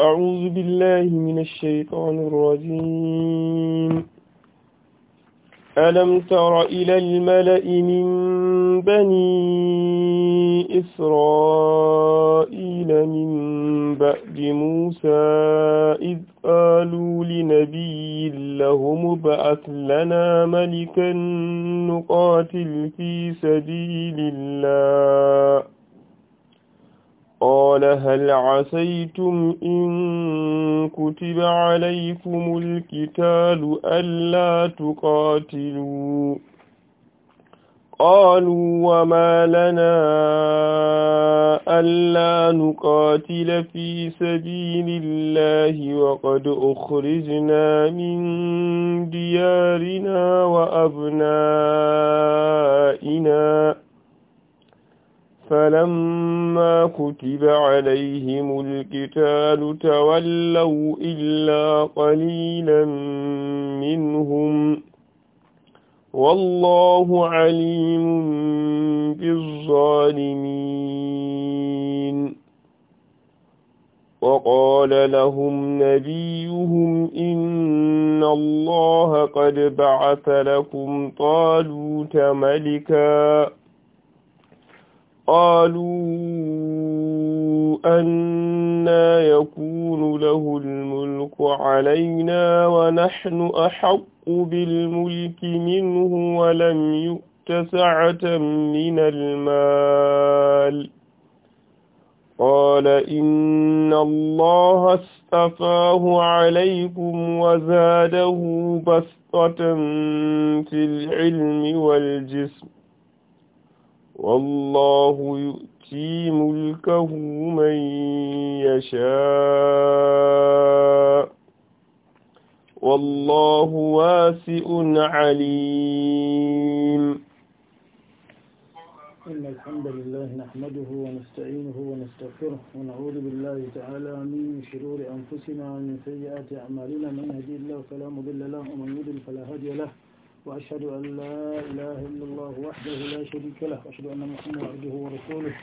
أعوذ بالله من الشيطان الرجيم ألم تر إلى الملأ من بني إسرائيل من بعد موسى إذ قالوا لنبي لهم ابعث لنا ملكا نقاتل في سبيل الله قال هل عسيتم إن كتب عليكم الكتال ألا تقاتلوا قالوا وما لنا ألا نقاتل في سبيل الله وقد أخرجنا من ديارنا وأبنائنا فلما كتب عليهم القتال تولوا إلا قليلا منهم والله عليم بالظالمين وقال لهم نبيهم إن الله قد بعث لكم طالوت ملكاً قالوا أنا يكون له الملك علينا ونحن أحق بالملك منه ولم يؤت سعة من المال قال إن الله اصطفاه عليكم وزاده بسطة في العلم والجسم والله يؤتي ملكه من يشاء والله واسع عليم إن الحمد لله نحمده ونستعينه ونستغفره ونعوذ بالله تعالى من شرور أنفسنا ومن سيئات أعمالنا من يهدي الله فلا مضل له ومن يضل فلا هادي له وأشهد أن لا إله إلا الله وحده لا شريك له وأشهد أن محمدا عبده ورسوله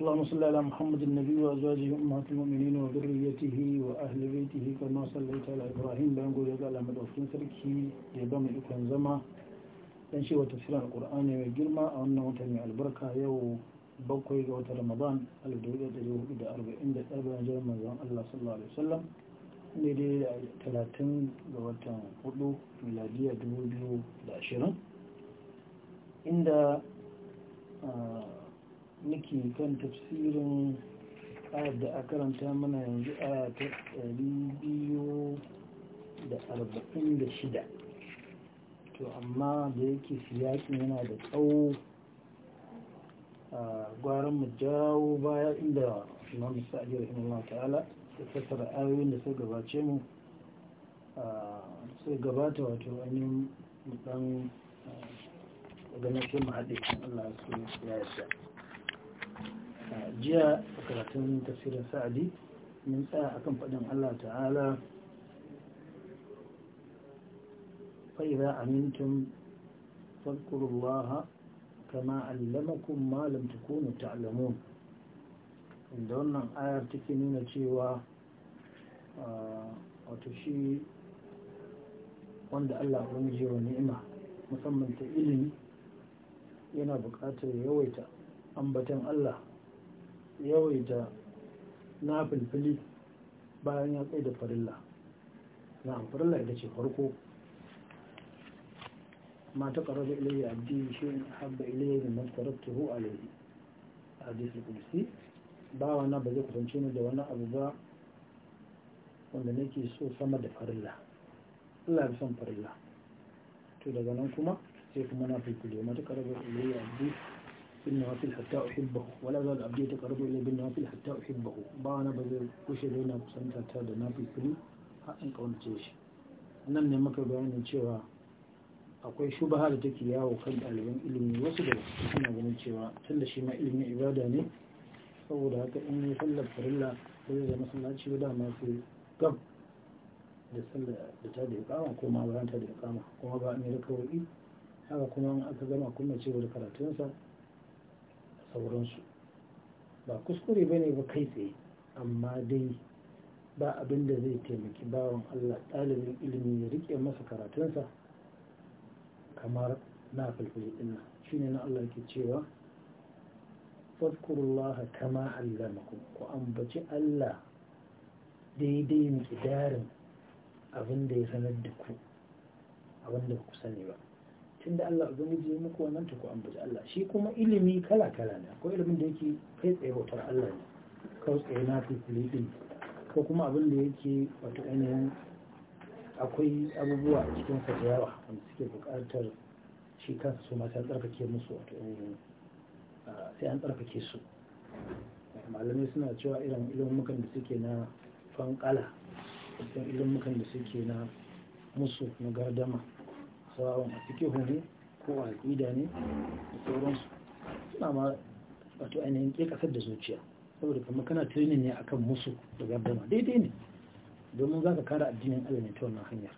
اللهم صل على محمد النبي وأزواجه أمهات المؤمنين وذريته وأهل بيته كما صليت على إبراهيم بأن قول يقال أمد وفين سركي يبام الإكوان زما ينشي وتفسير القرآن ويجرما أنه تنمي البركة يو بوكوي رمضان الدولة تجوه إلى أربعين دقيقة جرم الله صلى الله عليه وسلم dai-dai a talatin ga watan hudu miladiya dubu biyu da ashirin inda nake kan tafsirin ayar da a karanta mana yanzu a ta ɗari biyu da arba'in da shida to amma da yake siyaki yana da tsawo a gwaran mu jawo baya inda imam sa'adiyar imam ta'ala da fassara ayoyin da suka gabace mu sai gabata wato wani dan ganin sai mu haɗe kan Allah su ya jiya a karatun tafsirin sa'adi mun tsaya akan faɗin Allah ta'ala faira أمنتم فاذكروا kama كما علمكم ما لم تكونوا inda wannan ayar take nuna cewa wato shi wanda Allah ji wa ni'ima musamman ta ilimi yana bukatar yawaita ambatan Allah yawaita na filfili bayan ya tsaye da farilla na farilla ita ce farko ma ta ƙarar ilayya abdi shi habba ilayya da masu tarattu hu a hadisi kulsi bawa na ba zai kusance ni da wani abu ba wanda nake so sama da farilla Allah ya son farilla to daga nan kuma sai kuma na fulfule matuƙar da zal abdi بالنوافل حتى أحبه ولا hatta أبدي تقرب إلي بالنوافل حتى أحبه بانا بذل وشي لنا da حتى النافل كلي حقن قول shi nan ne maka bayanin cewa akwai shubaha da take yawo kan ɗaliban ilimi wasu da suna ganin cewa tun da shi ma ilimin ibada ne saboda haka in yi sallar farilla da zai zama suna ba da masu gab da sallar da ta da ya kama ko ma ta da ya kama kuma ba an da kawai haka kuma an aka gama kuma ce da karatunsa da sauransu ba kuskure ba ne ba kai tsaye amma dai ba abin da zai taimaki bawan Allah ɗalibin ilimi ya rike masa karatunsa kamar na fulfuli ɗin shine shi ne na Allah ke cewa fadkurullaha kama allamakum ku ambaci Allah daidai miqdarin abin da ya sanar da ku abin da ku sani ba tunda Allah ubangiji ji muku wannan ta ku ambaci Allah shi kuma ilimi kala kala ne akwai ilimin da yake kai tsaye bautar Allah ne kawai tsaye na fi din ko kuma abin da yake wato ainihin akwai abubuwa a cikin sa da yawa wanda suke buƙatar shi kansa su ma sai tsarkake musu wato ainihin sai an tsarkake su malamai suna cewa irin ilmukan da suke na fankala irin ilmukan da suke na musu na gardama sauran a cikin hune ko a ƙida ne da sauransu suna ma wato ainihin ke da zuciya saboda kamar kana training ne akan musu da gardama daidai ne domin za ka kara addinin allah ne ta wannan hanyar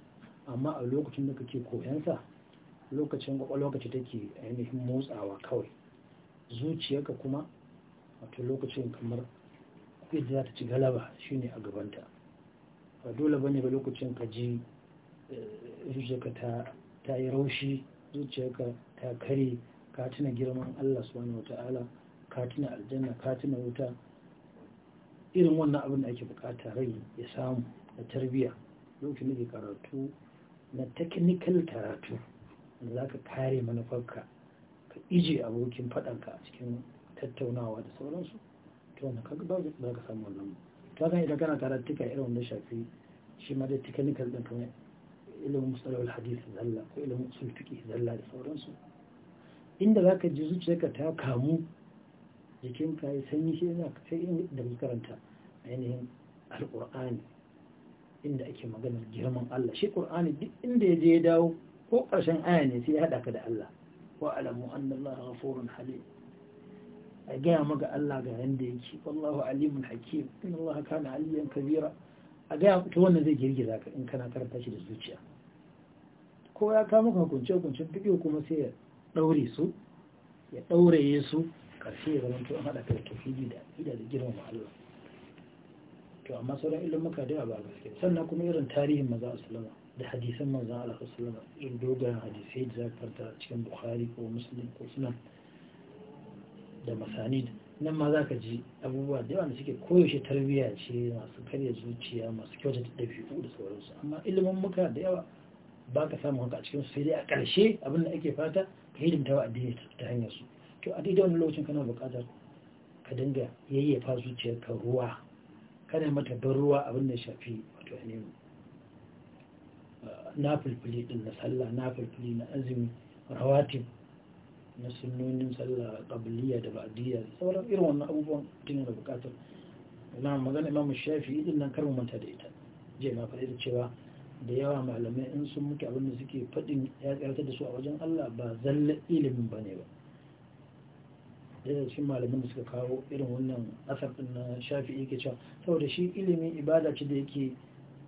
amma a lokacin da kake koyansa lokacin kwakwalwa take ainihin motsawa kawai zuciyarka kuma wato lokacin kamar yadda za ta ci galaba shi ne a gabanta ba dole ba ne ba lokacin ka ji eh, zuciyarka ta yi raushi zuciyarka ta kare ka tuna girman Allah subhanahu wata'ala ka tuna aljanna ka tuna wuta irin wannan abin da ake bukata rai ya samu da tarbiya lokacin da karatu na technical karatu da za ka kare manufarka ka ije abokin fadanka a cikin tattaunawa da sauransu to wannan kaga ba za ka samu wannan to ga idan kana tare tika irin wanda shafi shi ma da technical din kamar ilimin musalawar hadisi zalla ko ilimin usul fiqh zalla da sauransu inda zaka ji zuciyarka ta kamu jikinka ya sanyi shi yana sai in da karanta ainihin alqur'ani inda ake maganar girman Allah shi qur'ani duk inda ya je ya dawo ko karshen aya ne sai ya hada ka da Allah wa'alamu an Allah ghafurun halim a gaya maka Allah ga yanda yake wallahu alimun hakim in Allah kana aliyan kabira a gaya wannan zai girgiza ka in kana karanta shi da zuciya ko ya kama maka hukunce hukuncen fiƙe kuma sai ya ɗaure su ya daure su ƙarshe ya zamanto an haɗa kai tafidi da aƙida da girmama Allah to amma sauran ilimin ka da ba gaske sannan kuma irin tarihin maza a salama da hadisan manzan Allah sallama in dogayen hadisai da za cikin bukhari ko muslim ko sunan da masanid nan ma za ka ji abubuwa da yawa da suke koyaushe tarbiyya ce masu karya zuciya masu kyauta da ɗabi'u da sauransu amma ilimin muka da yawa ba ka samu haka a cikin sai dai a ƙarshe abin da ake fata ka hidimta wa addini ta hanyar su to a daidai wani lokacin kana buƙatar ka dinga yayyafa zuciyar ka ruwa kana mata ban ruwa abin da ya shafi wato ainihin na fulfuli din na sallah na fulfuli na azumi rawatib na sunnonin sallah qabliya da ba'diya sauran irin wannan abubuwan tun da bukatar na magana imam shafi din nan karin manta da ita je ma fa da cewa da yawa malamai in sun muke abin da suke faɗin ya tsarkar da su a wajen Allah ba zalla ilimin ba ne ba da shi malamin da suka kawo irin wannan asar din na shafi yake cewa saboda shi ilimi ibada ce da yake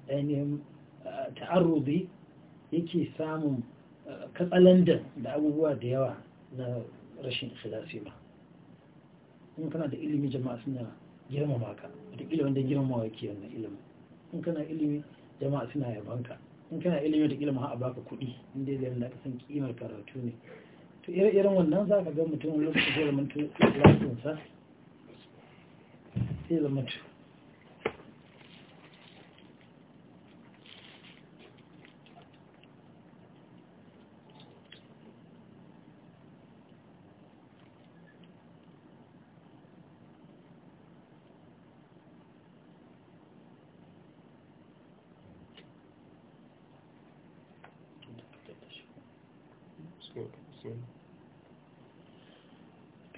ainihin ta'arrubi yake samun uh, katsalandan da abubuwa da yawa na rashin ikhlasi ba in kana da ilimi jama'a suna girmama ka ilimi wanda girmama ke wannan ilimi in kana ilimi jama'a suna yabanka in kana ilimi da ma a baka kuɗi inda zai da ka san kimar karatu ne to ire-iren wannan za ka ga mutum lokacin zai zamantu ikhlasinsa zama zamantu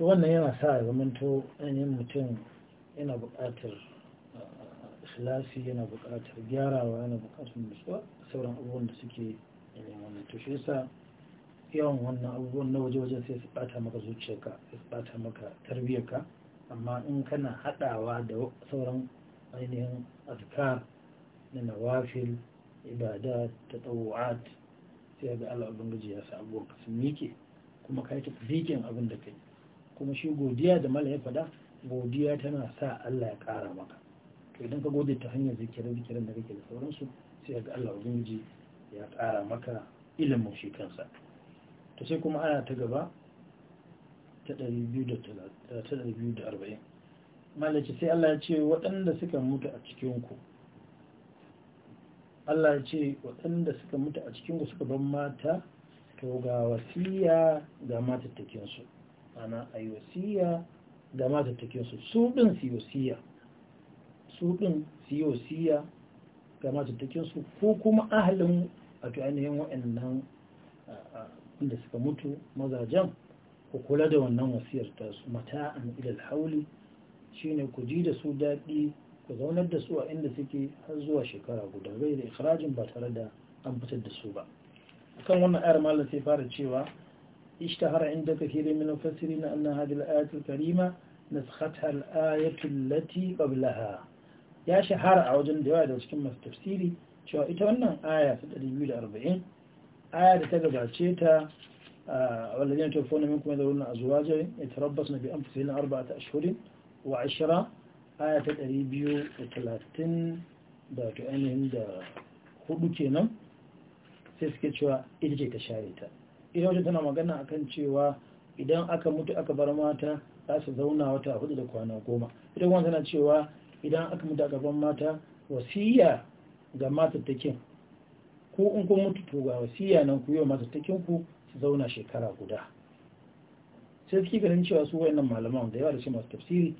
to wannan yana sa a zamanto ɗanyen mutum yana buƙatar silasi eh, yana buƙatar gyarawa yana buƙatar nutsuwa sauran abubuwan da suke yanayin wannan to shi yasa yawan wannan abubuwan na waje-wajen sai su ɓata maka zuciyarka sai su ɓata maka tarbiyyarka amma in kana haɗawa da sauran ainihin azkar na nawafil ibada ta tawu'at sai ga Allah ubangiji ya sa abubuwan ka sun miƙe kuma ka yi tafiƙin abin da kai kuma shi godiya da mala ya faɗa godiya tana sa Allah ya kara maka to idan ka gode ta hanyar zikirin zikirin da kake da sauransu sai ga Allah ubangiji ya kara maka ilimin shi kansa to sai kuma ana ta gaba ta 240 malaci sai Allah ya ce waɗanda suka mutu a cikinku Allah ya ce waɗanda suka mutu a cikinku suka ban mata to ga wasiya ga matattakinsu ana a yi wasiya ga matattakinsu su ɗin su yi su ɗin su yi ga matattakinsu ko kuma ahalin a waannan waɗannan inda suka mutu mazajen ku kula da wannan wasiyar ta mata an ilal hauli shine ku ji da su daɗi ku zaunar da su a inda suke har zuwa shekara guda bai da ikirajin ba tare da an fitar da su ba kan wannan ayar malam sai fara cewa اشتهر عند كثير من المفسرين أن هذه الآية الكريمة نسختها الآية التي قبلها يا شهر عوجن دوائد في تفسيري شو إتوانا آية في الأدبيل أربعين آية تقبع الشيطة آه والذين توفون منكم يذرون أزواجا يتربصن بأنفسهن أربعة أشهر وعشرة آية الأريبيو وثلاثين دا كأنهم دا خلوكينا سيسكتشوا إلجي تشاريتا ita wata tana magana akan cewa idan aka mutu aka bar mata za su zauna wata hudu da kwana goma ita kuma tana cewa idan aka mutu aka bar mata wasiya ga matattakin ko in kun mutu to ga wasiya nan ku yi wa matattakin ku su zauna shekara guda sai suke ganin cewa su wayannan malaman da yawa da shi masu tafsiri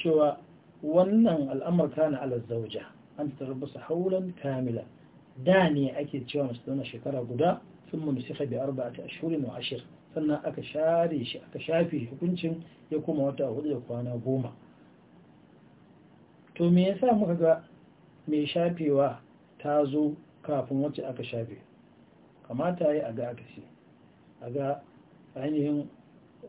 cewa wannan al'amar kana ala zauja an tarabbasu haulan kamila da ne ake cewa masu zauna shekara guda sun manusiha bi a ashhurin wa ashir sannan aka share shi aka shafi hukuncin ya kuma wata hudu da kwana goma to me yasa muka ga mai shafewa ta zo kafin wacce aka shafe kamata yi a ga aka ce a ga ainihin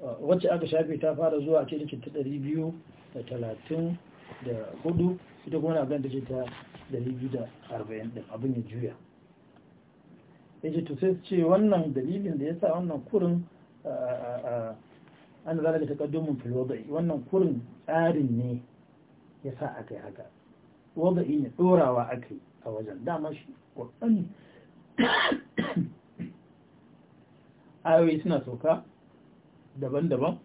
uh, wacce aka shafe ta fara zuwa a cikin ta ɗari biyu da talatin da hudu ita kuma na ganta ce ta ɗari biyu da arba'in ɗin abin ya juya yake to sai ce wannan dalilin da yasa wannan kurin an zara da takaddumin fil wada'i wannan kurin tsarin ne yasa aka yi haka wada'i ne dorawa aka yi a wajen dama shi ƙwaƙon ayoyi suna sauka daban-daban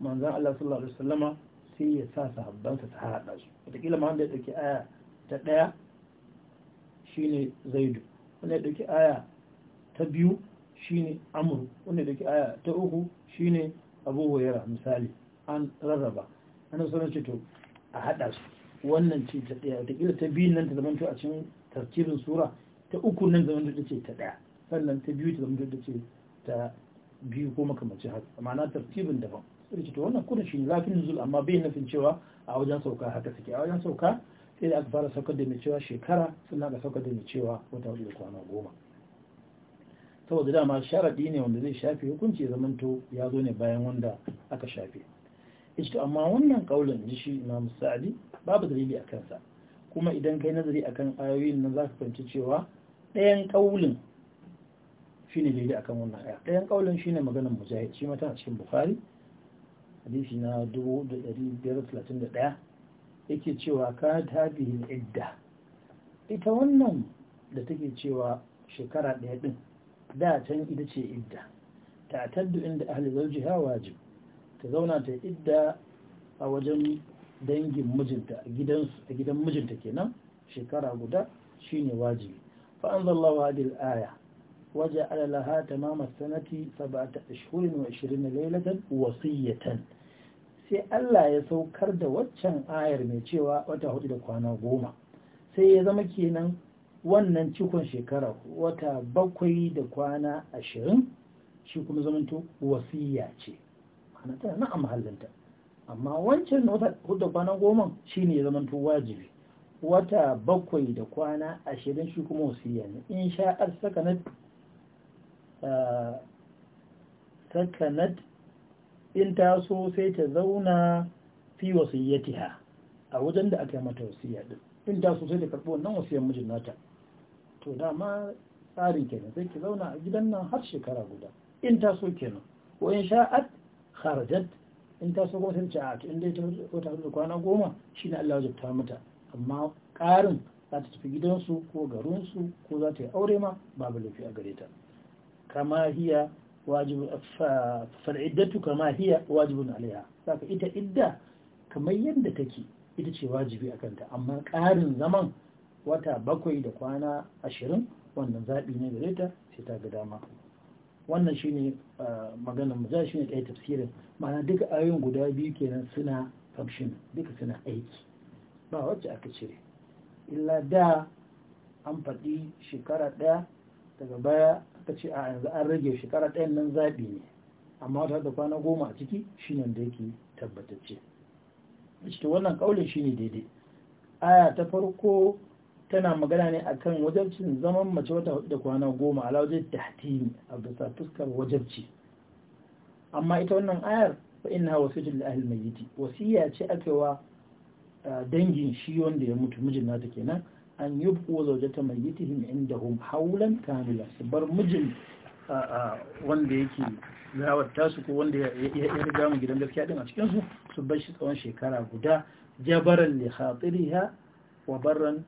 manzan Allah sallallahu Alaihi wasallama sai ya sa sahabbansa ta haɗa su wataƙila ma wanda ya ɗauki aya ta ɗaya shi ne zaidu wanda ya ɗauki aya ta biyu shine amur wanda da ke aya ta uku shine abubuwa yara misali an rarraba an sanar ce to a hada su wannan ce ta daya wataƙila ta biyu nan ta zamanto a cikin tartibin sura ta uku nan zamanto ta ce ta daya sannan ta biyu ta zamanto ta ce ta biyu ko makamacin haka ma'ana tartibin daban sai ce to wannan kudin shi ne lafin nuzul amma bai nufin cewa a wajen sauka haka suke a wajen sauka sai da aka fara saukar da mai cewa shekara sannan aka saukar da mai cewa wata hudu da kwana goma saboda dama sharadi ne wanda zai shafi hukunci zamanto ya zo ne bayan wanda aka shafe ishto amma wannan kaulin ji shi imam sa'adi babu dalili a kansa kuma idan kai nazari akan ayoyin nan zaka fahimci cewa ɗayan kaulin shine dalili akan wannan aya ɗayan kaulin shine maganar mujahid shi mata a cikin bukhari hadisi na 1531 yake cewa ka tabihin idda ita wannan da take cewa shekara ɗaya ɗin da can ita ce idda ta taddu inda ahli zawjiha wajib ta zauna ta idda a wajen dangin mijinta a gidan mijinta kenan shekara guda shine wajibi fa anzalallahu aya waja aya laha tamama sanati sab'ata ashhurin wa 20 laylatan wasiyatan sai Allah ya saukar da waccan ayar mai cewa wata hudu da kwana goma sai ya zama kenan wannan cikon shekara wata bakwai da kwana ashirin shi kuma zamanto wasiya ce ma'ana tana na a amma wancan wata da kwana goma shi ne zamanto wajibi wata bakwai da kwana ashirin shi kuma wasiya ne in sha'ar sakanat sakanat in taso sai ta zauna fi wasiyyatiha a wajen da aka yi mata wasiya din in taso sai ta karɓi wannan wasiyar mijin nata to dama tsarin kenan sai ki zauna a gidan nan har shekara guda in ta so kenan ko in sha'at kharajat in ta so kuma sai a in dai ta wata da kwana goma shine Allah ya ta mata amma ƙarin za ta tafi gidansu ko garinsu ko za ta yi aure ma babu laifi a gare ta kama hiya wajib fal'iddatu kama hiya wajibun alaiha saka ita idda kamar yadda take ita ce wajibi a kanta amma ƙarin zaman wata bakwai da kwana ashirin wannan zaɓi ne gare ta sai ta ga dama wannan shine maganin mu za shi ne ɗaya tafsirin ma'ana duka ayoyin guda biyu kenan suna kamshin duka suna aiki ba wacce aka cire illa da an faɗi shekara ɗaya daga baya aka ce a yanzu an rage shekara ɗayan nan zaɓi ne amma wata da kwana goma a ciki shine da yake tabbatacce cikin wannan ƙaunin shine daidai aya ta farko tana magana ne akan wajabcin zaman mace wata hudu da kwana goma ala wajen ne, a bisa fuskar wajabci amma ita wannan ayar fa inna ahil mai yiti wasiya ce ake wa dangin shi wanda ya mutu mijin nata kenan an yi ta yiti hin inda indahum haulan kamila su bar mijin wanda yake gawarta su ko wanda ya riga mu gidan gaskiya din a cikinsu su su bar shi tsawon shekara guda jabaran li khatiriha wa barran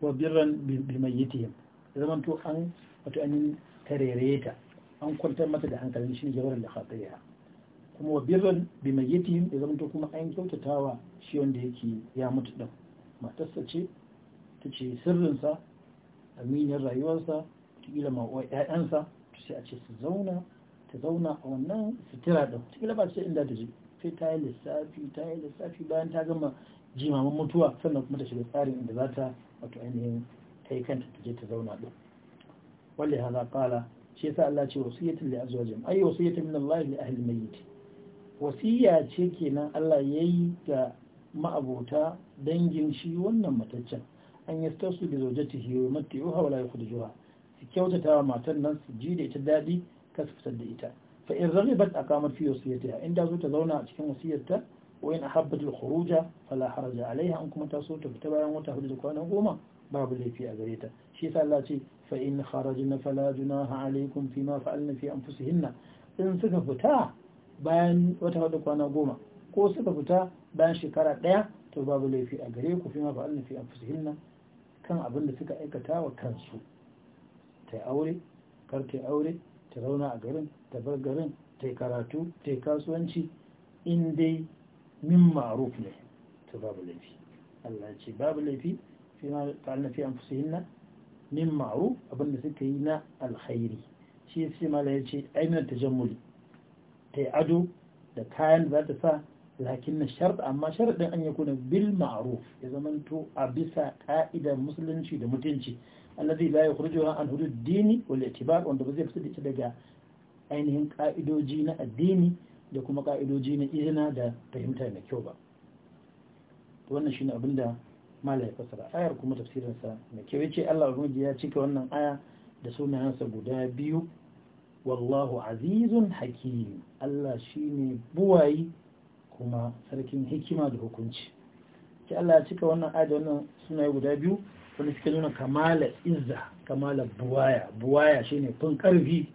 wa birran bimayyitihim ya zama to an wato an tarereta an kwantar mata da hankalin shi ne da khataya kuma wa birran bimayyitihim ya zama to kuma an kyautatawa shi wanda yake ya mutu din matarsa ce ta ce sirrinsa aminin rayuwarsa kila ma wa ƴaƴansa ta sai a ce su zauna ta zauna a wannan sutura din kila ba sai inda ta je sai ta yi lissafi ta yi lissafi bayan ta gama jimamin mutuwa sannan kuma ta shiga tsarin inda za ta wato ainihin ta yi kanta ta je ta zauna ɗin wale haza kala shi yasa Allah ce wasiyyatin li azwajin ai wasiyyatin min Allah li ahli mayyit wasiyya ce kenan Allah yayi ga ma'abota dangin shi wannan mataccen an yastasu bi zawjatihi wa matti'uha wa la yukhrijuha su kyautata wa matan nan su ji da ita daɗi ka su fitar da ita fa in raghibat aqamat fi wasiyatiha inda zo ta zauna a cikin wasiyarta wayan ahabbat al-khuruj fala haraja alaiha an kuma ta taso ta fita bayan wata hudu da kwana goma babu laifi a gareta ta shi yasa Allah ce fa in kharajna fala junaha alaikum fima fa'alna fi anfusihinna in suka fita bayan wata hudu kwana goma ko suka fita bayan shekara ɗaya to babu laifi a gare ku fima fa'alna fi anfusihinna kan abin da suka aikata wa kansu ta aure kar ta aure ta zauna a garin ta bar garin ta karatu ta kasuwanci in dai min ma'ruf ne ta babu laifi Allah ce babu laifi fi ma ta'alna fi anfusihinna min ma'ruf abinda suka yi na alkhairi shi yace mala yace ainihin tajammuli yi ado da kayan za ta sa lakin na shart amma sharadin an yakuna bil ma'aruf ya zamanto a bisa ka'idar musulunci da mutunci alladhi la yukhrijuha an hudud dini wal i'tibar wanda ba zai fita da ita daga ainihin ka'idoji na addini da kuma ka'idoji na izina da fahimta mai kyau ba wannan shine abin da malaya fasara ayar kuma tafsirinsa mai kyau ya ce Allah ubangiji ya cika wannan aya da sunayensa guda biyu wallahu azizun hakim Allah shine buwayi kuma sarkin hikima da hukunci ce Allah ya cika wannan aya da wannan sunaye guda biyu wani suke nuna kamala izza kamala buwaya buwaya shine fin karfi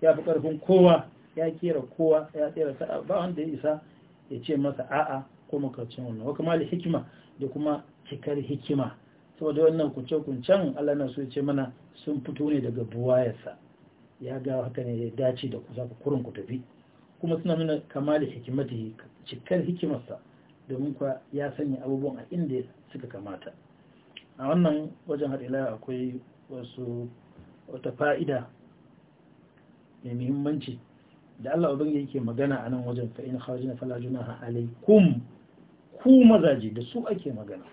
ya fi karfin kowa ya kera kowa ya tsere sa'a ba wanda ya isa ya ce masa a'a ko makarcin wannan kuma kamar hikima da kuma cikar hikima saboda wannan kunce-kuncen Allah na so ya ce mana sun fito ne daga buwayarsa ya ga haka ne ya dace da kusa ku kurin ku tafi kuma suna nuna kamalin hikimata cikar hikimarsa domin kuwa ya sanya abubuwan a inda suka kamata a wannan wajen haɗila akwai wasu wata fa'ida mai muhimmanci da Allah ubangiji yake magana a nan wajen fa in kharajna fala junaha kum ku mazaje da su ake magana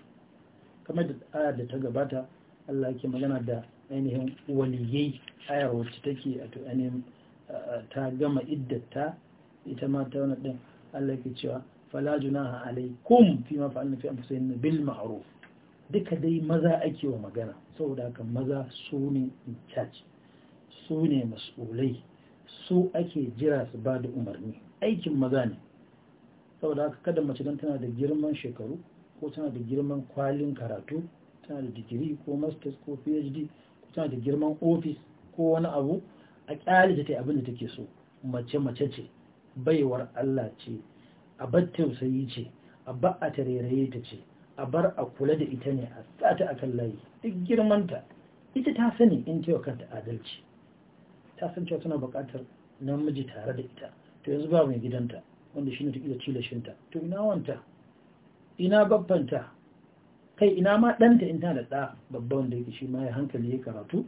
kamar da aya da ta gabata Allah yake magana da ainihin waliyai ayar wacce take a to ainihin ta gama iddata ita ma ta wani din Allah yake cewa fala junaha kum fi ma fa'alna fi anfusikum bil ma'ruf duka dai maza ake wa magana saboda haka maza su ne in charge su ne mas'ulai su ake jira su ba da umarni aikin maza ne saboda haka kada mace don tana da girman shekaru ko tana da girman kwalin karatu tana da digiri ko masters ko phd ko tana da girman ofis ko wani abu a kyali ta abin da take so mace mace ce baiwar Allah ce a bar tausayi ce a ba a tarairaye ta ce a bar a kula da ita ne a sata kan layi duk girmanta ita ta sani in cewa kanta adalci ta san cewa tana buƙatar namiji tare da ita to yanzu ba mai gidanta wanda shi shine take da cilashinta to ina wanta ina babbanta kai ina ma ɗanta in tana da ɗa babban wanda yake shi ma ya hankali ya karatu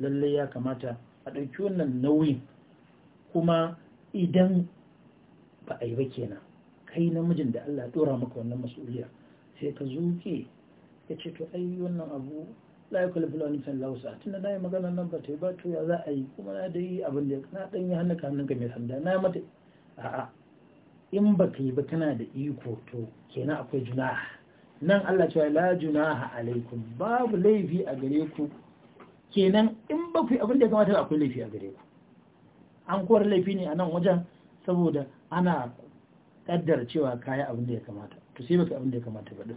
lalle ya kamata a ɗauki wannan nauyin kuma idan ba a yi ba kenan kai namijin da Allah ya ɗora maka wannan mas'uliyar sai ka zuke ya ce to ai wannan abu la ya kwalifi la nisan lausa tunda na yi magana nan ba ta yi ba to ya za a yi kuma na da yi abin da na ɗan yi hannun hannun ga mai sanda na mata a'a in ba ka yi ba kana da iko to kenan akwai junaha nan Allah cewa la junaha alaikum babu laifi a gare ku kenan in ba ku yi abin da ya kamata akwai laifi a gare ku an kowar laifi ne a nan wajen saboda ana kaddara cewa kayi abin da ya kamata to sai ba ka abin da ya kamata ba din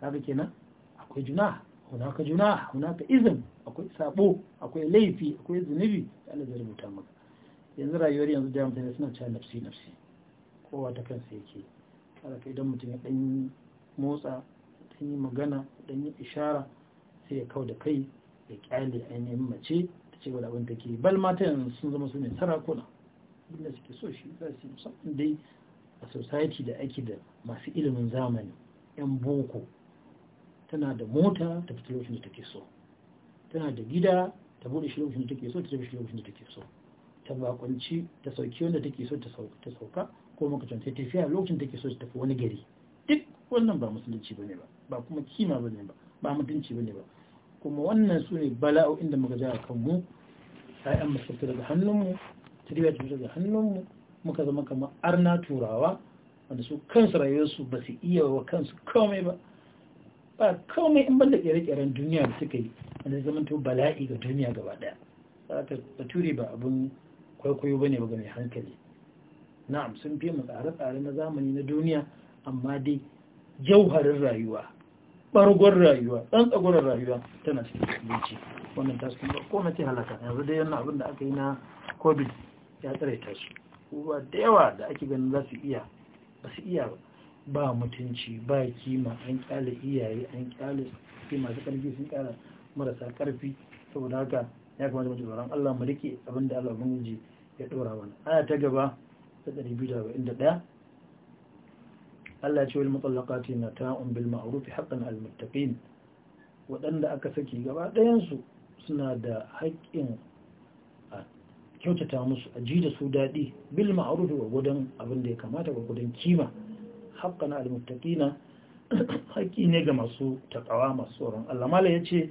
kaga kenan akwai junaha hunaka junah hunaka izin akwai sabo akwai laifi akwai zunubi da Allah zai rubuta maka yanzu rayuwar yanzu da mutane suna cewa nafsi kowa ta kansa yake kada kai idan mutum ya dan motsa dan yi magana dan yi ishara sai ya kau da kai ya kyale ainihin mace ta ce wadda abin take bal mata sun zama su ne sarakuna inda suke so shi za su musamman dai a society da aiki da masu ilimin zamani yan boko tana da mota ta fita lokacin da take so tana da gida ta bude shi lokacin da take so ta tafi shi lokacin da take so ta bakunci ta sauki wanda take so ta sauka ko makacin ta tafiya lokacin da take so ta tafi wani gari duk wannan ba musulunci bane ba ba kuma kima bane ba ba mutunci bane ba kuma wannan su ne bala'o'in inda muka ja a sai an mu suka daga hannunmu tarbiyya ta daga hannunmu muka zama kamar arna turawa wanda su kansu rayuwarsu ba su iya wa kansu komai ba ba komai in balla kere-keren duniya da suka yi wanda zama to bala'i ga duniya gaba daya saka bature ba abun kwaikwayo bane ba ga mai hankali na'am sun fi mu tsare-tsare na zamani na duniya amma dai jauharin rayuwa bargon rayuwa ɗan tsagorar rayuwa tana cikin abinci wannan ta sun ko na ce halaka yanzu dai yana abin da aka yi na covid ya tsare ta su uwa da yawa da ake ganin za su iya ba su iya ba ba mutunci ba kima an kyale iyaye an kyale sai masu ƙarfi sun kyala marasa ƙarfi saboda haka ya kamata mu tsoron Allah mu rike abinda Allah ji ya dora mana aya ta gaba ta 271 Allah ya ce wal mutallaqati nata'un bil ma'ruf haqqan al muttaqin waɗanda aka saki gaba ɗayansu suna da haƙƙin a kyautata musu a ji da su daɗi bil ma'ruf wa gudan abin da ya kamata wa gudan kima haqqan al muttaqina haƙi ne ga masu takawa masu tsoron Allah mala ce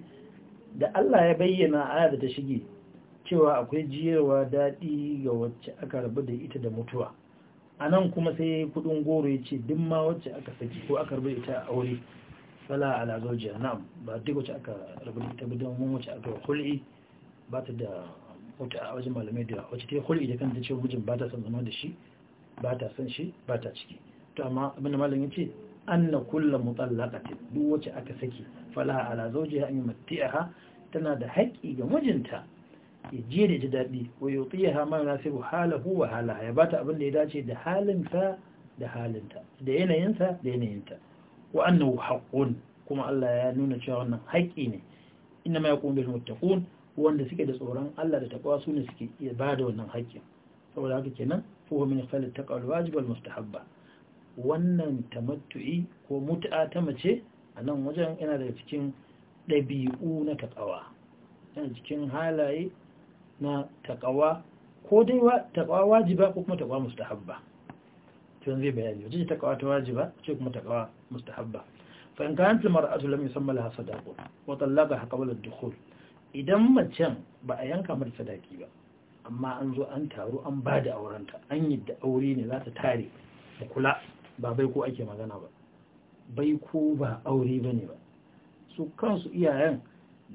da Allah ya bayyana aya da ta shige cewa akwai jiyewa daɗi ga wacce aka rabu da ita da mutuwa a nan kuma sai ya yi kudin goro ya ce duk ma wacce aka saki ko aka rabu da ita a aure fala ala zaujiya na'am ba duk wacce aka rabu da ita bidan mun wacce aka hul'i ba ta da wata a wajen malamai da wacce ta yi hul'i da kanta ce mijin ba ta son zama da shi ba ta son shi ba ta ciki to amma abin malam yace anna kullu mutallaqatin duk wacce aka saki falaha ala zawjiha an tana da haƙƙi ga mijinta ya je da ji daɗi wa mana na nasibu halahu wa halaha ya bata abin da ya dace da halinta da halinta da yanayinsa da yanayinta wa annahu haƙƙun kuma Allah ya nuna cewa wannan haƙƙi ne ina ma ya yaqum bil muttaqun wanda suke da tsoron Allah da takwa su ne suke iya bada wannan haƙƙin saboda haka kenan fa huwa min ikhlal taqwa al wajib mustahabba wannan tamattu'i ko mut'a ta mace a nan wajen yana da cikin ɗabi'u na taƙawa yana cikin halaye na taƙawa ko dai taƙawa wajiba ko kuma taƙawa mustahabba tun zai bayani wajen taƙawa ta wajiba ce kuma taƙawa mustahabba fa in kanat mar'atu lam yusamma laha sadaqu wa talaqaha qabla ad-dukhul idan macen ba a yanka mata sadaki ba amma an zo an taru an ba da aurenta an yi da aure ne za ta tare da kula ba bai ko ake magana ba bai ko ba aure ba ne ba su kansu iyayen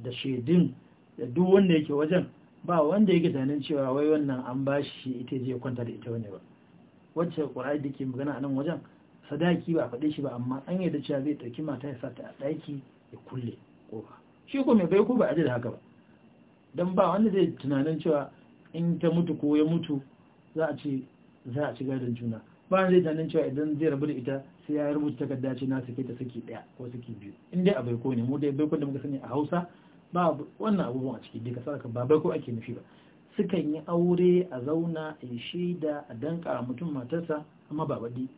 da shaidun da duk wanda yake wajen ba wanda yake tunanin cewa wai wannan an ba shi ita je kwanta da ita wani ba wacce ƙwararri da ke magana a nan wajen sadaki ba faɗe shi ba amma an da cewa zai ɗauki mata ya sata a ɗaki ya kulle ƙofa shi ko mai bai ko ba a da haka ba don ba wanda zai tunanin cewa in ta mutu ko ya mutu za a ce za a ci gadon juna bayan zai tanin cewa idan zai rabu da ita sai ya rubuta takarda ce na sake ta saki daya ko saki biyu in dai a baiko ne mu dai baiko da muka sani a Hausa ba wannan abubuwan a ciki dai ka sarka ba baiko ake nufi ba sukan yi aure a zauna a yi shaida a danka mutum matarsa amma ba baɗi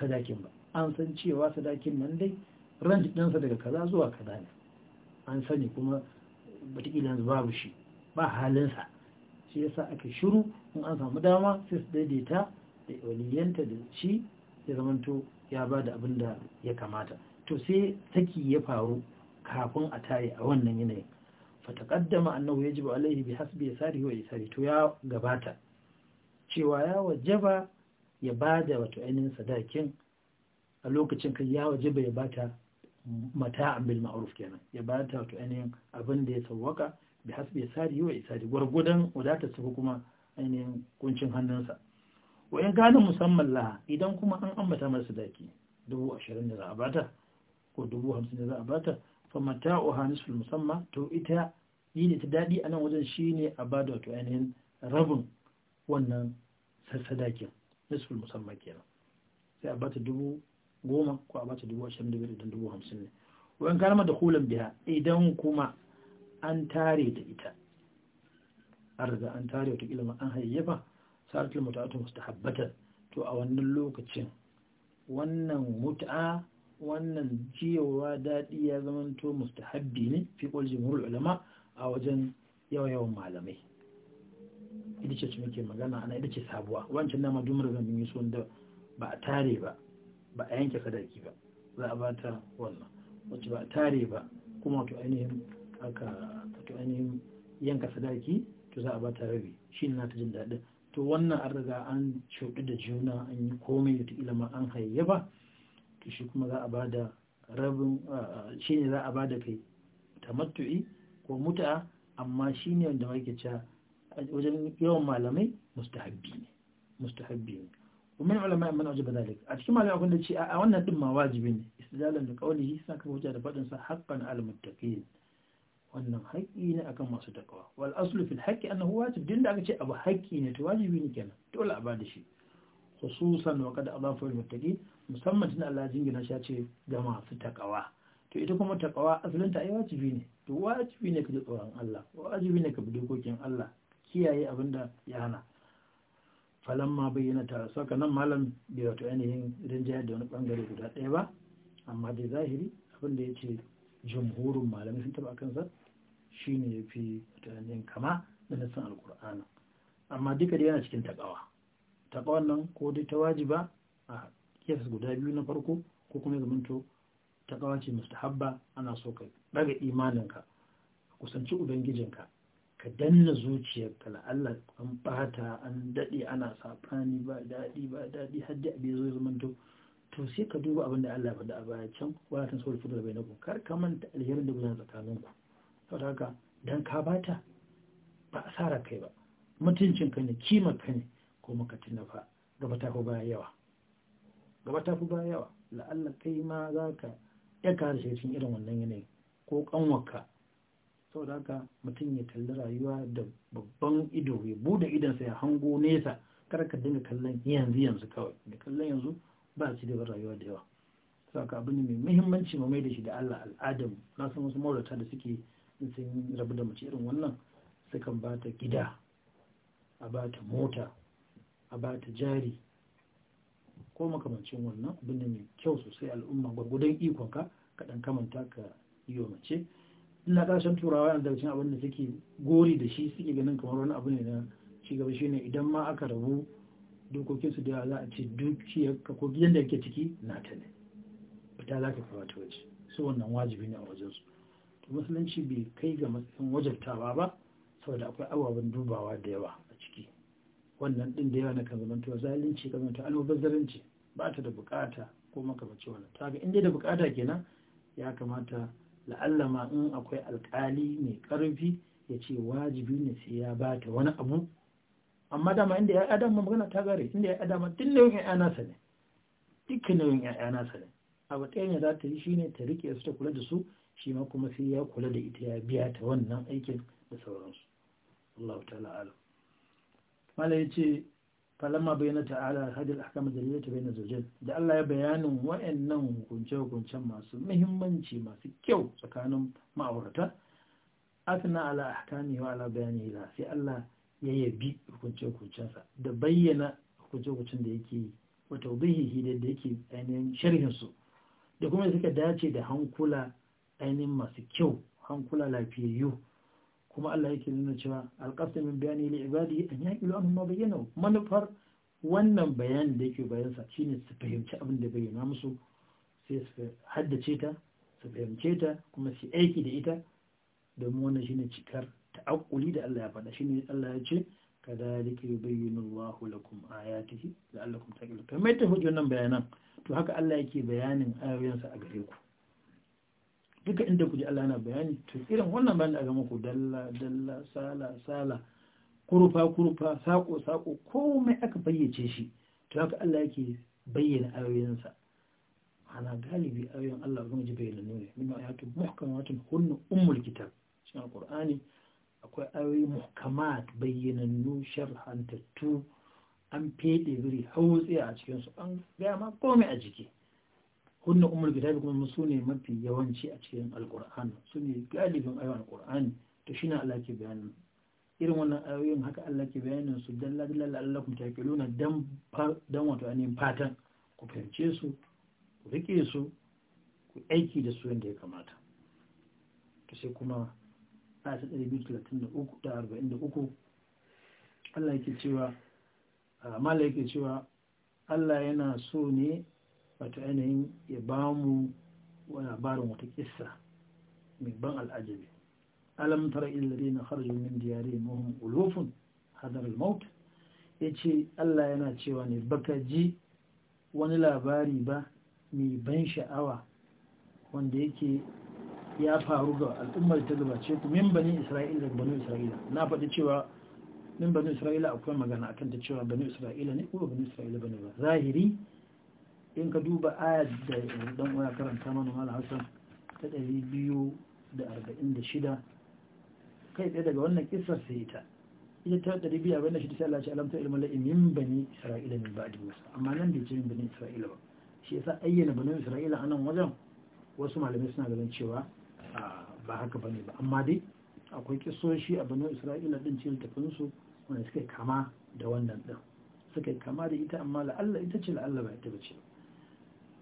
sadakin ba an san cewa sadakin nan dai ran ɗinsa daga kaza zuwa kaza ne an sani kuma batakila babu shi ba halinsa shi yasa ake shiru in an samu dama sai su daidaita waliyanta da shi ya zamanto ya ba da abin da ya kamata to sai saki ya faru kafin a tare a wannan yanayin ya annahu yajibu alaihi bihasbi yasarihi wa isari to ya gabata cewa ya wajaba ya bada wato ainihin sadakin a lokacin kai ya wajaba ya bata mata'an bil ma'ruf kenan ya bata wato ainihin abin da ya sawwaka bihasbi sari wa isari gurgudan wadatar su kuma ainihin kuncin hannunsa wa ya gane musamman laha idan kuma an ambata masu daki dubu ashirin da za a bata ko dubu hamsin da za a bata famata oha nisul musamman to ita yi ne ta daɗi a nan wajen shi ne a bada wato ainihin rabin wannan sassadakin nisul musamman kenan sai a bata dubu goma ko a bata dubu ashirin da biyar idan dubu hamsin ne wayan kalmar da kulan biya idan kuma an tare da ita an riga an tare wata ilimin an hayayyafa saratul musta mustahabbatan to a wannan lokacin wannan mut'a wannan jiyawa daɗi ya zamanto mustahabbi ne fi ƙwal wuri ulama a wajen yawa-yawan malamai idan ce muke magana ana idan ce sabuwa wancan nama dumar zan yi son da ba a tare ba ba a yanke sadaki ba za a bata wannan wacce ba a tare ba kuma to ainihin aka to ainihin yanka sadaki to za a bata rabi shi na ta jin daɗin to wannan an riga an cuɗi da juna an yi komai da ila ma an hayayya ba to shi kuma za a ba da rabin shi ne za a ba da kai ta matu'i ko muta amma shi ne wanda wake ca wajen yawan malamai mustahabbi ne mustahabbi ne ومن علماء من أوجب ذلك أتكلم على أقول لك أولا تم واجب استدلالا لقوله ساك وجه رفض حقا على المتقين wannan haƙƙi ne akan masu takawa wal aslu fil haqqi annahu wajib din da aka ce abu haƙƙi ne to wajibi ne kenan dole a bada shi khususan wa kad adafu al muttaqin musamman tun Allah jingina shi ce ga masu takawa to ita kuma takawa asalin ta ai wajibi ne to wajibi ne ka ji tsoron Allah wajibi ne ka bi dokokin Allah kiyaye abinda ya hana falamma bayyana ta saka nan malam bai wato ainihin rinjaya da wani bangare guda ɗaya ba amma dai zahiri abinda da ya ce jamhurin malamai sun taba kansa shi ne ya fi tunanin kama da nassan alkur'ana amma duka da yana cikin takawa takawan nan ko dai ta wajiba a kiyas guda biyu na farko ko kuma ya zamanto takawa ce mustahabba ana so ka daga imaninka ka kusanci ubangijinka ka danna zuciyarka la'alla an bata an daɗe ana saɓani ba daɗi ba daɗi har da abin zo ya zamanto to sai ka duba abin da Allah faɗa a baya can wala tan sawul na bainakum kar ka manta alherin da gudanar tsakanin ku saboda haka dan ka bata ba tsara kai ba mutuncin ka ne kima ka ne ko maka fa gaba ta fi baya yawa gaba ta fi baya yawa la'alla kai ma za ka ya kare shi cikin irin wannan yanayin ko kanwarka saboda haka mutum ya kalli rayuwa da babban ido ya bude idonsa ya hango nesa kar ka dinga kallon yanzu yanzu kawai da kallon yanzu ba ci da rayuwa da yawa saka abu ne mai muhimmanci mu mai da shi da Allah al'adam na san wasu maurata da suke sun rabu da mace irin wannan sukan ba ta gida a ba ta mota a ba ta jari ko makamancin wannan abu ne mai kyau sosai al'umma gwargwadon ikon ka dan kamanta ka yi wa mace ina kashin turawa yana daga cikin abin da suke gori da shi suke ganin kamar wani abu ne na cigaba ne idan ma aka rabu dokokinsu da za a ce dukiyar ka ko gidan da yake ciki na ta ne fita za ka kawata waje su wannan wajibi ne a wajensu to musulunci bai kai ga matsayin wajabtawa ba saboda akwai ababen dubawa da yawa a ciki wannan din da yawa na kan to zalunci kan zamantowa almubazzaranci ba ta da bukata ko makamanci wannan ta ga inda da bukata kenan ya kamata la'allama in akwai alkali mai karfi ya ce wajibi ne sai ya bata wani abu amma dama inda ya adam magana ta gare inda ya adam tun nauyin ya'ya nasa ne dukkan nauyin ya'ya nasa ne abu ɗaya ne za ta yi shine ta rike su ta kula da su shi ma kuma sai ya kula da ita ya biya ta wannan aikin da sauransu Allahu ta'ala alam mala yace falamma bayyana ta'ala hadil ahkam dalilata bayna zawjain da Allah ya bayanin wa'annan hukunce hukuncen masu muhimmanci masu kyau tsakanin ma'aurata asna ala ahkami wa ala bayani la sai Allah ya yabi hukunce-hukuncensa da bayyana hukunce-hukuncen da yake yi wata da yake ainihin sharhinsu da kuma suka dace da hankula ainihin masu kyau hankula lafiyayyu kuma Allah yake nuna cewa alƙasar min bayani ne ibadi an yaƙi lu amma bayyana manufar wannan bayanin da yake bayansa sa shine su fahimci abin da bayyana musu sai su haddace ta su fahimce ta kuma su aiki da ita domin wannan shine cikar ta'aqquli da Allah ya faɗa shine Allah ya ce kadhalika yubayyinu Allahu lakum ayatihi la'allakum taqilun kamar ta hujjo nan bayanan to haka Allah yake bayanin ayoyinsa a gare ku duka inda ku ji Allah yana bayani to irin wannan bayan da aka ku dalla dalla sala sala kurfa kurfa sako sako komai aka bayyace shi to haka Allah yake bayyana ayoyinsa ana galibi ayoyin Allah kuma ji bayyana nuna min ayatu muhkamatun hunna ummul kitab shi alqur'ani akwai ayoyi muhkamat bayyanannu sharhantattu an fede biri hautsi a cikin su an gaya ma komai a jiki hunna umar gida kuma su ne mafi yawanci a cikin alqur'ani su ne galibin ayoyin alqur'ani to shine na Allah ke bayanin irin wannan ayoyin haka Allah ke bayanin su dan ladilalla Allah taqiluna dan dan wato fatan ku fahimce su ku rike su ku aiki da su yadda ya kamata to sai kuma a ta Allah yake cewa yake cewa Allah yana so ne wata ainihin ya ba mu labarin wata kissa mai ban al'ajabi alam tara illari na harjo min diyari muhim ulufun hadar maut ya ce Allah yana cewa ne baka ji wani labari ba mai ban sha'awa wanda yake ya faru ga al'ummar ta gabace ku min bani isra'ila da bani isra'ila na faɗi cewa min bani isra'ila akwai magana akan ta cewa bani isra'ila ne ko bani isra'ila bane ba zahiri in ka duba aya da dan uwa karanta mana mal hasan ta 246 kai tsaye daga wannan kissa sai ta ita ta 246 sai Allah ya alamta ilmin la'i min bani isra'ila min ba'di musa amma nan bai ce min bani isra'ila ba shi yasa ayyana bani isra'ila anan wajen wasu malamai suna ganin cewa ba haka ba ne ba amma dai akwai kisoshi a banu isra'ila din ce littafinsu wanda suka kama da wannan din suka kama da ita amma la'alla ita ce la'alla ba ita ba ce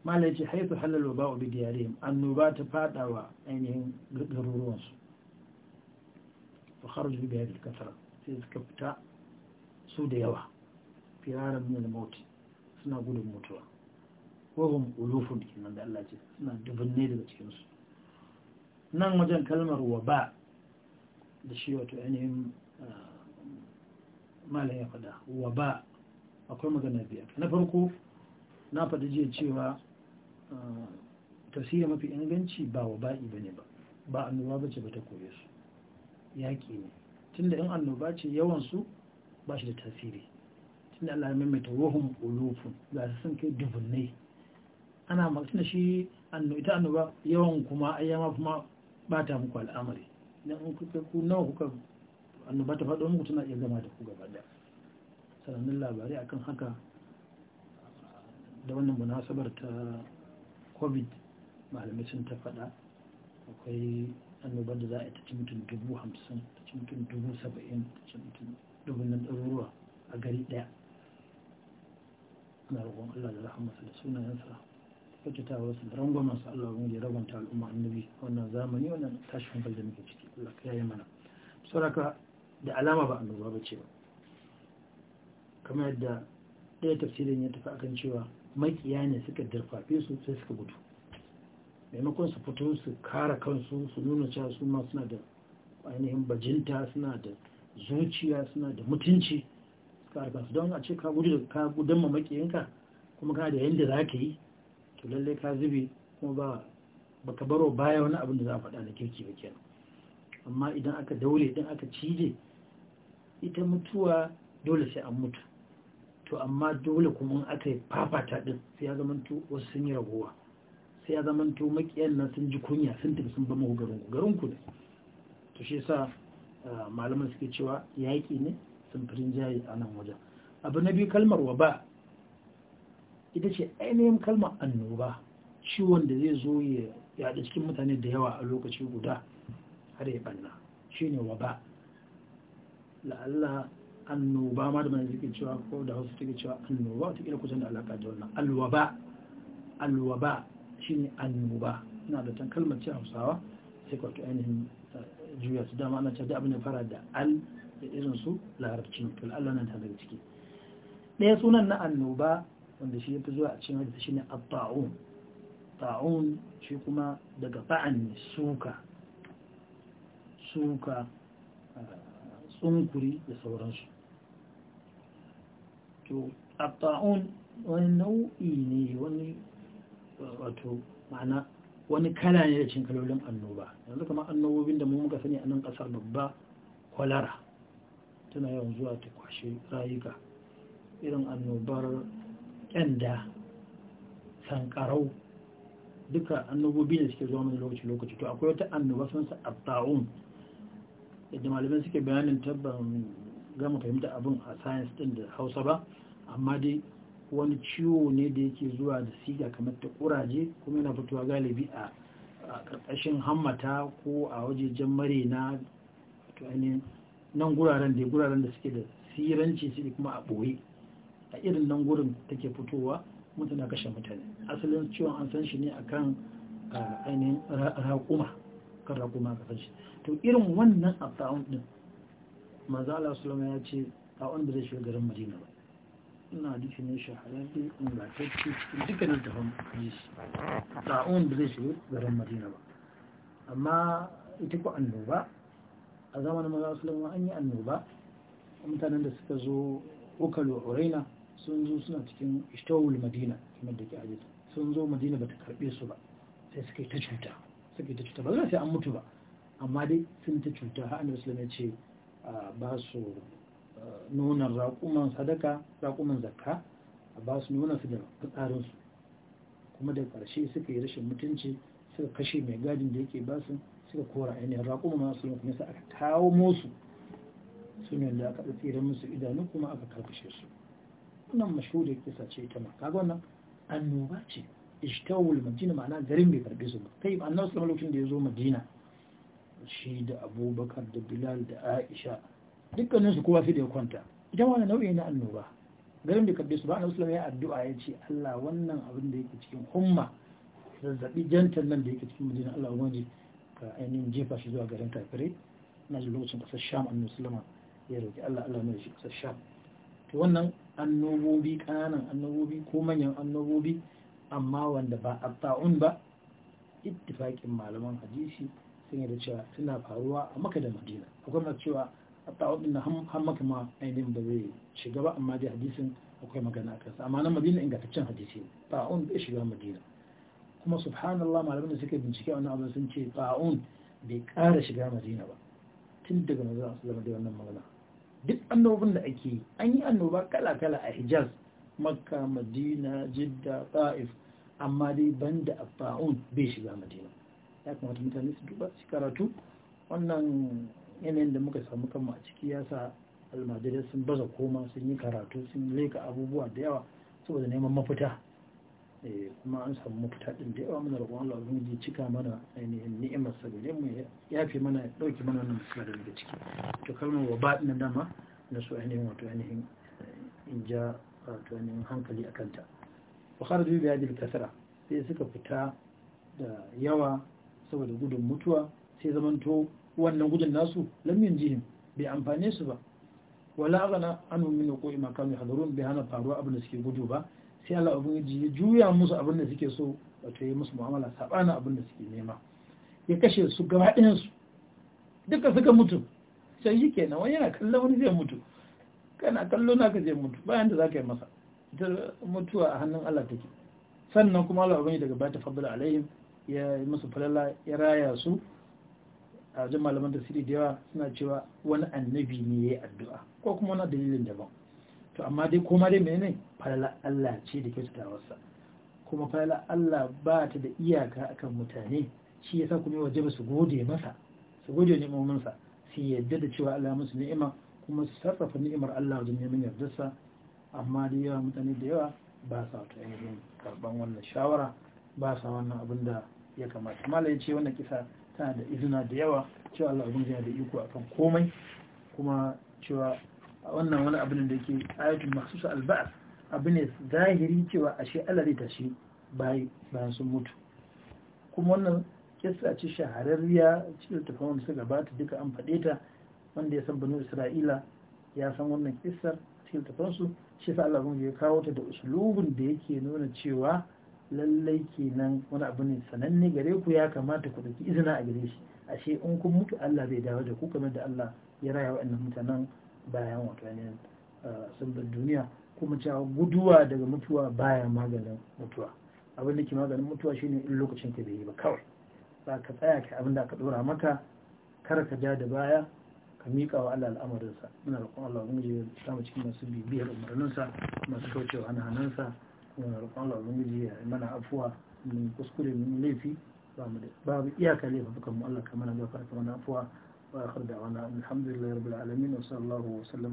malai ce haifu halal wa ba'u bidiyarihim annoba ta fada wa ainihin garuruwansu fa kharaju bi hadhihi kasara sai suka fita su da yawa firaran min al suna gudun mutuwa wahum ulufun kinan da Allah ce suna dubunne daga cikinsu. nan wajen kalmar wa ba da shi wato ainihin ah, malam ya fada wa ba akwai magana biyar na farko na fada jiya cewa ah, tasiri mafi inganci ba wa ba'i ba ne ba ba annoba ba ce ba ta koye su yaƙi ne tunda in annoba ce yawansu ba shi da tasiri tunda Allah ya maimaita wahum ulufun ga su sun kai dubunnai ana magana shi ita annoba yawan kuma ayyama kuma bata muku al'amari idan kuka ku nawa kuka annaba ta faɗo muku tana iya gama da ku gaba da sanannun labarai akan haka da wannan munasabar ta covid malamai sun ta faɗa akwai annobar da za a yi ta ci mutum dubu hamsin ta ci mutum dubu saba'in ta ci mutum dubu nan ɗaruruwa a gari ɗaya na roƙon allah da rahamarsa da sunayensa kyautata wasu rangon masu Allah wani ya ragwanta al'umma annabi wannan zamani wannan tashin hankali da muke ciki Allah ka yayi mana suraka da alama ba annoba ba ce ba kamar yadda ɗaya tafsirin ya tafi akan cewa makiya ne suka dirfafe su sai suka gudu maimakon su fito su kara kansu su nuna cewa su ma suna da ainihin bajinta suna da zuciya suna da mutunci suka harkar su don a ce ka gudu da ka gudan ma makiyanka kuma ka da yadda za ka yi to lallai ka zube kuma ba baka baro baya wani abin da za a faɗa na kirki ba kenan amma idan aka daure idan aka cije ita mutuwa dole sai an mutu to amma dole kuma aka yi fafata din sai ya to wasu sun yi ragowa sai ya zamanto makiyan nan sun ji kunya sun tafi sun bama garin ku garin ku ne to shi yasa ah, malaman suke cewa yaƙi ne sun firin jari a nan wajen abu na biyu kalmar wa ba ita ce ainihin kalmar annoba ciwon da zai zo ya yaɗa cikin mutane da yawa a lokaci guda har ya banna shi ne waba la'alla annoba ma da mai zikin cewa ko da wasu suke cewa annoba wata kira kusan da alaƙa da wannan alwaba alwaba shi ne annoba ina da tan kalmar ce hausawa sai kwato ainihin eh, juya su dama ana cewa abin da fara da al da irin su larabci to Allah nan ta daga ciki ɗaya sunan na annoba wanda shi ya fi zuwa a cikin hadisi shine at-ta'un ta'un shi kuma daga ba'an suka suka ah, tsunkuri da sauransu to at-ta'un wani nau'i ne wani wato ma'ana wani kala ne da cin kalolin annoba yanzu kamar annobobin da mu muka sani a nan kasar babba kwalara tana yawan zuwa ta kwashe rayuka irin annobar kyanda sankarau duka annobobi ne suke zuwa mai lokaci-lokaci to akwai wata annoba sun sa abta'un yadda malamin suke bayanin tabban gama fahimta abin a science din da hausa ba amma dai wani ciwo ne da yake zuwa da siga kamar ta kuraje kuma yana fitowa galibi a ƙarƙashin hammata ko a wajejen mare na nan guraren da guraren da suke da siranci su kuma a ɓoye a irin nan gurin take fitowa mutu na kashe mutane asalin ciwon an san shi ne akan ainihin raƙuma kan raƙuma ka san shi to irin wannan a ta'un din manzo Allah ya ce ta'un da zai shiga garin Madina ba ina hadisi ne shi halali in ta tacci cikin dukkanin tafan hadisi ta'un da zai shiga garin Madina ba amma ita ko annoba a zamanin manzo sulama an yi annoba mutanen da suka zo a raina sun zo suna cikin ishtawul madina kamar da ke ajiyar sun zo madina ba ta karɓe su ba sai suka yi ta cuta suka yi ta cuta ba za sai an mutu ba amma dai sun ta cuta har annabi sallallahu ya ce ba su nuna raƙuman sadaka raƙuman zakka ba su nuna su da tsarin su kuma da karshe suka yi rashin mutunci suka kashe mai gadin da yake ba su suka kora ainihin raƙuman masu yin kuma sai aka kawo musu sunan da aka tsira musu idanu kuma aka karkashe su wannan mashhuriyar kisa ce ta ma kaga wannan annoba ce ishtawul madina ma'ana garin bai karbe su ba kai annabi sallallahu lokacin da ya zo madina shi da abubakar da bilal da aisha dukkanin su kowa sai da ya kwanta ita wani nau'i na annoba garin bai karbe su ba annabi sallallahu ya addu'a ya ce Allah wannan abin da yake cikin umma zazzabi jantar nan da yake cikin madina Allah wani ka ainihin jefa shi zuwa garin kafirai na ji lokacin kasar sham annabi sallallahu ya roki Allah Allah mai shi kasar sham to wannan annobobi ƙananan annobobi ko manyan annobobi amma wanda ba a ta'un ba ittifaƙin malaman hadisi sun da cewa suna faruwa a maka da madina akwai masu cewa a ta'un ɗin na hammaka ma ainihin ba zai shiga ba amma dai hadisin akwai magana a kansa amma na madina ingantaccen hadisi ta'un bai shiga madina kuma subhanallah malaman da suka bincike wannan abin sun ce ta'un bai ƙara shiga madina ba tun daga manzon sallallahu da wannan magana duk annobin da ake yi an yi annoba kala-kala a hijaz makka madina jidda ta'if amma dai banda afaun bai shiga madina ya kamata mutane su duba su karatu wannan yanayin da muka samu kanmu a ciki ya sa almajirai sun baza koma sun yi karatu sun leka abubuwa da yawa saboda neman mafita Eh, kuma an samu mafita ɗin da yawa mana rabuwan Allah ubangiji cika mana ainihin ni'imar sa mu ya fi mana ɗauki mana wannan musuwa da daga ciki to kalmar wa ba na dama na su ainihin wato ainihin eh, in ja wato ainihin hankali a kanta wa kharaju biya hadhihi kasara sai suka fita da yawa saboda gudun mutuwa sai zamanto wannan gudun nasu lamin jihin bai amfane su ba wala aghna anhum min ko imakan kanu bai hana faruwa abin da suke gudu ba sai Allah ubangiji ya juya musu abin da suke so wato ya musu mu'amala sabana abin da suke nema ya kashe su gaba ɗayan su duka suka mutu sai shi kenan wani yana kallon wani zai mutu kana kallo ka zai mutu bayan da za ka yi masa ita mutuwa a hannun Allah take sannan kuma Allah ubangiji daga bata fadla alaihim ya yi musu falala ya raya su a wajen malaman tasiri da yawa suna cewa wani annabi ne ya yi addu'a ko kuma wani dalilin daban to amma dai koma dai ne falala Allah ce da kyautatawarsa kuma falala Allah ba ta da iyaka akan mutane shi yasa kuma waje su gode masa su gode nemominsa su yadda da cewa Allah musu ni'ima kuma su sarrafa ni'imar Allah wajen neman yardarsa amma da yawa mutane da yawa ba sa ta ainihin karban wannan shawara ba sa wannan abin da ya kamata mala ya ce wannan kisa tana da izina da yawa cewa Allah abin da iko akan komai kuma cewa wannan wani abin da ke ayatul mahsus al-ba'th abu ne zahiri cewa ashe Allah zai tashi bayan sun mutu kuma wannan kissa ce shahararriya cikin tafawon da suka gabata duka an faɗe ta wanda ya san banu Isra'ila ya san wannan kissar cikin su shi sa Allah ya kawo ta da usulubin da yake nuna cewa lallai kenan wani abu ne sananne gare ku ya kamata ku dauki izina a gare shi ashe in kun mutu Allah zai dawo da ku kamar da Allah ya raya wa'annan mutanen bayan wato eh, sun duniya kuma cewa guduwa daga mutuwa baya maganin mutuwa abin da ke maganin mutuwa shine in lokacin ka bai yi ba kawai za ka tsaya ka abin da aka dora maka kar ka ja da baya ka miƙa wa Allah al'amarinsa muna roƙon Allah ubangiji ya samu cikin masu bibiyar sa masu kaucewa hannunsa muna roƙon Allah ubangiji ya mana afuwa mun kuskure mun laifi babu iyaka laifin mu Allah kamar na gafara kamar na afuwa وآخر دعوانا الحمد لله رب العالمين وصلى الله وسلم